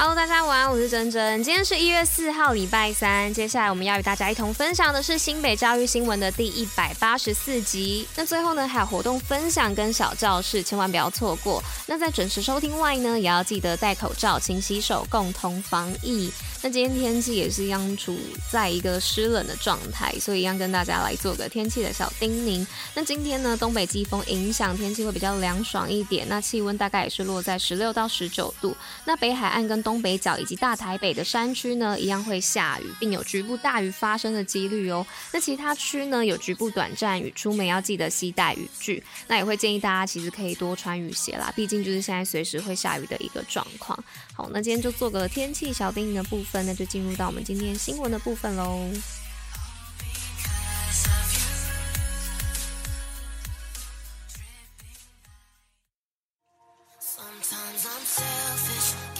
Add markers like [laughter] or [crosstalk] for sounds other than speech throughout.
Hello，大家晚安，我是珍珍，今天是一月四號，禮拜三。接下來我們要與大家一同分享的是新北教育新聞的第一百八十四集。那最後呢，還有活動分享跟小教室，千萬不要錯過。那在準時收聽外呢，也要記得戴口罩、勤洗手，共同防疫。那今天天氣也是一樣處在一個濕冷的狀態，所以要跟大家來做個天氣的小叮嚀。那今天呢，東北季風影響，天氣會比較涼爽一點。那氣溫大概也是落在十六到十九度。那北海岸跟東東北角以及大台北的山區呢，一樣會下雨，並有局部大雨發生的幾率哦。那其他區呢，有局部短暫雨出，出門要記得攜帶雨具。那也會建議大家，其實可以多穿雨鞋啦，畢竟就是現在隨時會下雨的一個狀況。好，那今天就做個天氣小叮嚀的部分，那就進入到我們今天新聞的部分嘍。 [music]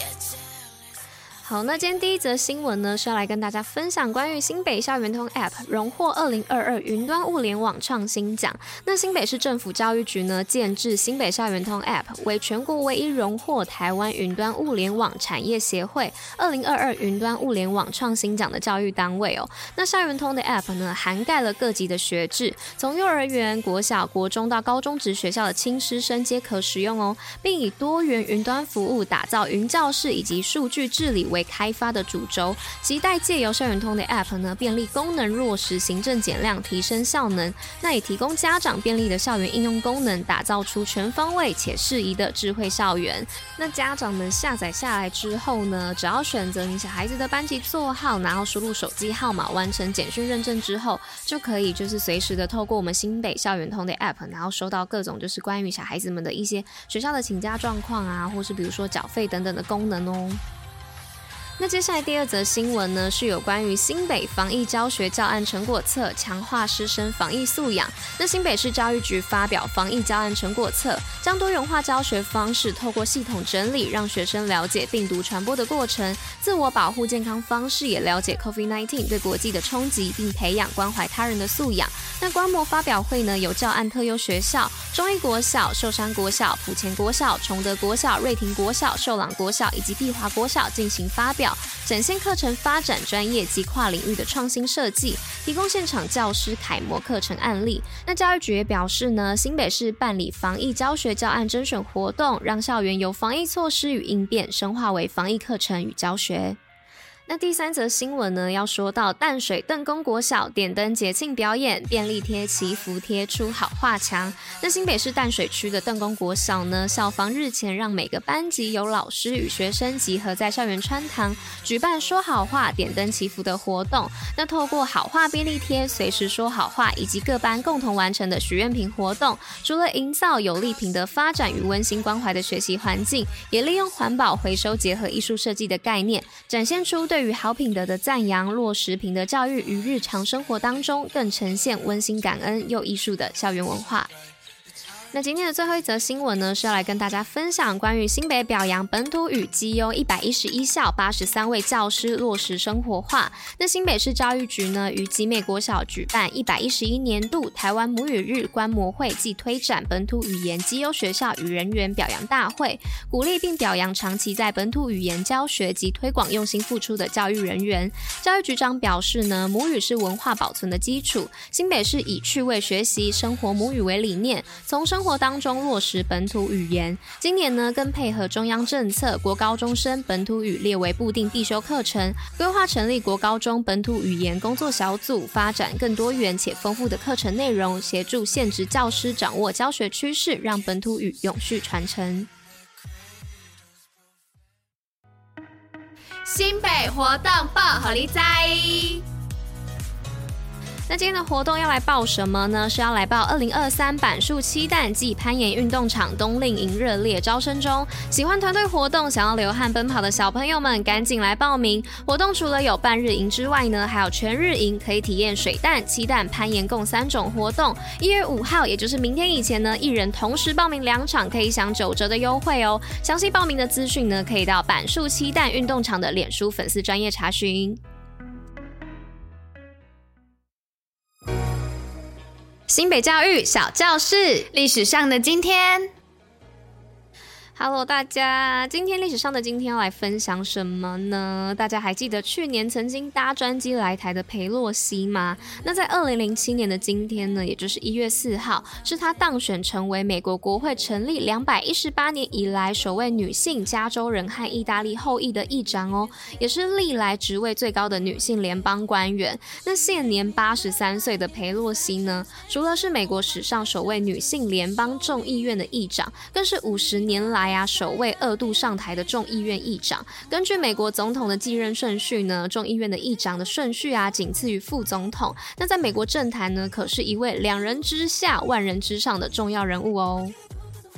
好，那今天第一則新聞呢是要來跟大家分享關於新北校園通 App 榮獲二零二二雲端物聯網創新獎。那新北市政府教育局呢建置新北校園通 App，為全國唯一榮獲台灣雲端物聯網產業協會二零二二雲端物聯網創新獎的教育單位哦。那校園通的 App 呢，涵蓋了各級的學制，從幼兒園、國小、國中到高中職學校的親師生皆可使用哦，並以多元雲端服務打造雲教室以及數據治理為。為開發的主軸，期待借由校園通的 App 呢，便利功能落實，行政減量，提升效能。那也提供家長便利的校園應用功能，打造出全方位且適宜的智慧校園。那家長們下載下來之後呢，只要選擇你小孩子的班級座號，然後輸入手機號碼，完成簡訊認證之後，就可以就是隨時的透過我們新北校園通的 App，然後收到各種就是關於小孩子們的一些學校的請假狀況啊，或是比如說繳費等等的功能哦。那接下來第二則新聞呢，是有關於新北「防疫教學教案成果冊」，強化師生防疫素養。那新北市教育局發表防疫教案成果冊，將多元化教學方式透過系統整理，讓學生了解病毒傳播的過程、自我保護健康方式，也了解 COVID-19 對國際的衝擊，並培養關懷他人的素養。那觀摩發表會呢，由教案特優學校、中一國小、壽山國小、埔前國小、崇德國小、瑞庭國小、壽朗國小、朗國小以及碧華國小進行發表。展現課程發展專業及跨領域的創新設計，提供現場教師楷模課程案例。那教育局也表示呢，新北市辦理防疫教學教案甄選活動，讓校園由防疫措施與應變，深化為防疫課程與教學。那第三則新聞呢？要說到淡水鄧公國小點燈節慶表演，便利貼祈福貼出好話牆。那新北市淡水區的鄧公國小呢？校方日前讓每個班級由老師與學生集合在校園穿堂，舉辦說好話點燈祈福的活動。那透過好話、便利貼，隨時說好話，以及各班共同完成的許願瓶活動，除了營造有利品德發展與溫馨關懷的學習環境，也利用環保回收結合藝術設計的概念，展現出對。對於好品德的讚揚，落實品德教育於日常生活當中，更呈現溫馨、感恩又藝術的校園文化。那今天的最後一則新聞呢，是要來跟大家分享關於新北表揚本土語績優一百一十一校八十三位教師落實生活化。那新北市教育局呢，於集美國小舉辦一百一十一年度台灣母語日觀摩會暨推展本土語言績優學校與人員表揚大會，鼓勵並表揚長期在本土語言教學及推廣用心付出的教育人員。教育局長表示呢，母語是文化保存的基礎，新北市以趣味學習、生活母語為理念，從生。生活當中落實本土語言。今年呢，更配合中央政策，國高中生本土語列為部定必修課程，規劃成立國高中本土語言工作小組，發展更多元且豐富的課程內容，協助現職教師掌握教學趨勢，讓本土語永續傳承。新北活動報虎哩災。那今天的活動要來報什麼呢？是要來報二零二三板樹漆彈，暨攀岩運動場冬令營熱烈招生中，喜歡團隊活動、想要流汗奔跑的小朋友們，趕緊來報名！活動除了有半日營之外呢，還有全日營，可以體驗水彈、漆彈、攀岩共三種活動。一月五號，也就是明天以前呢，一人同時報名兩場，可以享九折的優惠哦。詳細報名的資訊呢，可以到板樹漆彈運動場的臉書粉絲專業查詢。新北教育小教室，歷史上的今天。Hello，大家，今天歷史上的今天要來分享什麼呢？大家還記得去年曾經搭專機來台的裴洛西嗎？那在二零零七年的今天呢，也就是一月四號，是她當選成為美國國會成立兩百一十八年以來首位女性加州人和意大利後裔的議長哦，也是歷來職位最高的女性聯邦官員。那現年八十三歲的裴洛西呢，除了是美國史上首位女性聯邦眾議院的議長，更是五十年來。首位二度上台的眾議院議長，根據美國總統的繼任順序呢，眾議院的議長的順序啊，僅次於副總統。那在美國政壇呢，可是一位兩人之下、萬人之上的重要人物哦。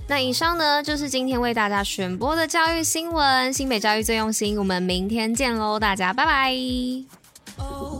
那以上呢，就是今天為大家選播的教育新聞，新北教育最用心。我們明天見嘍，大家拜拜。Oh,